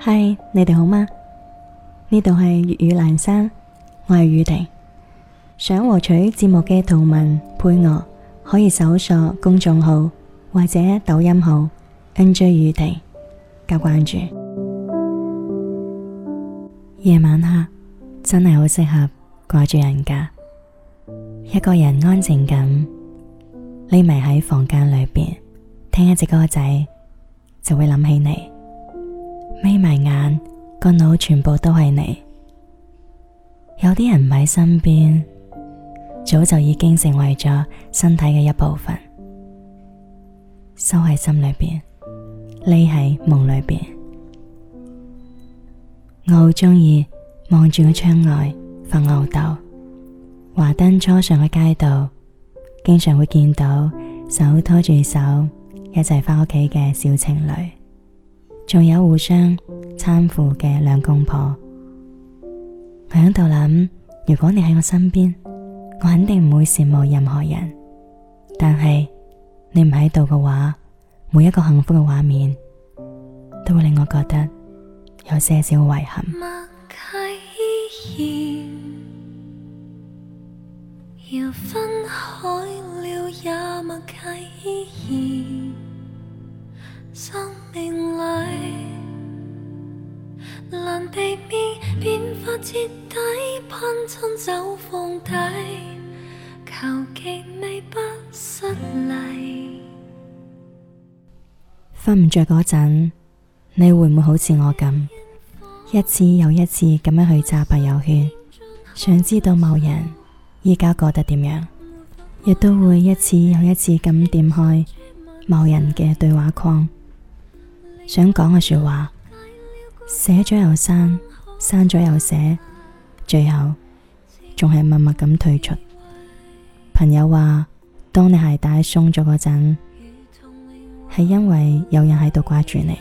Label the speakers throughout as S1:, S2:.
S1: 嗨，Hi, 你哋好嗎？呢度係粵語闌珊，我係宇婷。想獲取節目嘅圖文配樂，可以搜索公眾號或者抖音號 NJ 宇婷加關注。夜晚黑真係好適合掛住人噶，一個人安靜咁匿埋喺房間裏邊聽一隻歌仔，就會諗起你。眯埋眼，個腦全部都係你。有啲人唔喺身邊，早就已經成為咗身體嘅一部分，收喺心裏邊，匿喺夢裏邊。我好中意望住個窗外發吽逗，華燈初上嘅街道，經常會見到手拖住手一齊翻屋企嘅小情侶。仲有互相攙扶嘅兩公婆，我喺度諗：如果你喺我身邊，我肯定唔會羨慕任何人。但係你唔喺度嘅話，每一個幸福嘅畫面，都會令我覺得有些少遺
S2: 憾。地面變化徹底，噴走放低，求不失禮。
S1: 瞓唔着嗰陣，你會唔會好似我咁，一次又一次咁樣去刷朋友圈，想知道某人依家過得點樣，亦都會一次又一次咁點開某人嘅對話框。想講嘅說話，寫咗又刪，刪咗又寫，最後仲係默默咁退出。朋友話：當你鞋帶鬆咗嗰陣，係因為有人喺度掛住你；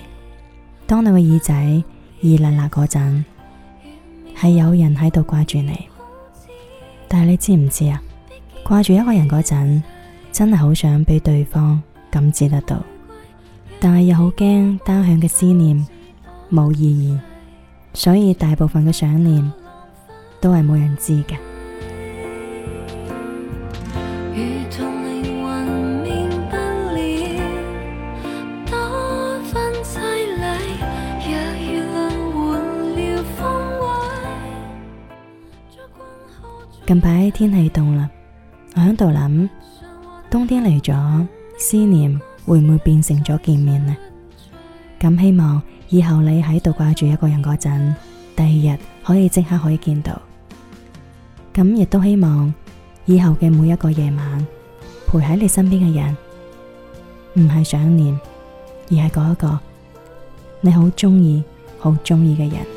S1: 當你個耳仔熱辣辣嗰陣，係有人喺度掛住你。但係你知唔知啊？掛住一個人嗰陣，真係好想畀對方感知得到。但係又好驚單向嘅思念冇意義，所以大部分嘅想念都係冇人知嘅。近排天氣凍啦，我喺度諗，冬天嚟咗，思念，會唔會變成咗見面呢？咁希望以後你喺度掛住一個人嗰陣，第二日可以即刻可以見到。咁亦都希望以後嘅每一個夜晚，陪喺你身邊嘅人，唔係想念，而係嗰一個你好中意、好中意嘅人。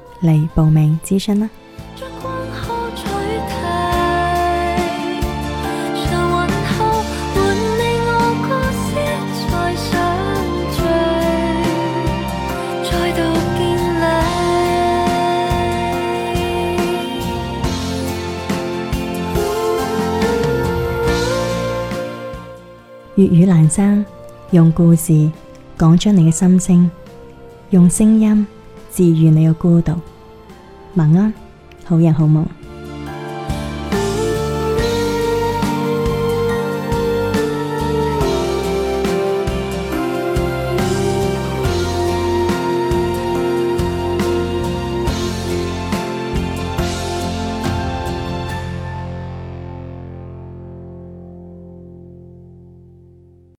S1: 嚟報名
S2: 諮詢啦！
S1: 粵語闌珊，用故事講出你嘅心聲，用聲音治愈你嘅孤獨。晚安，好人好夢。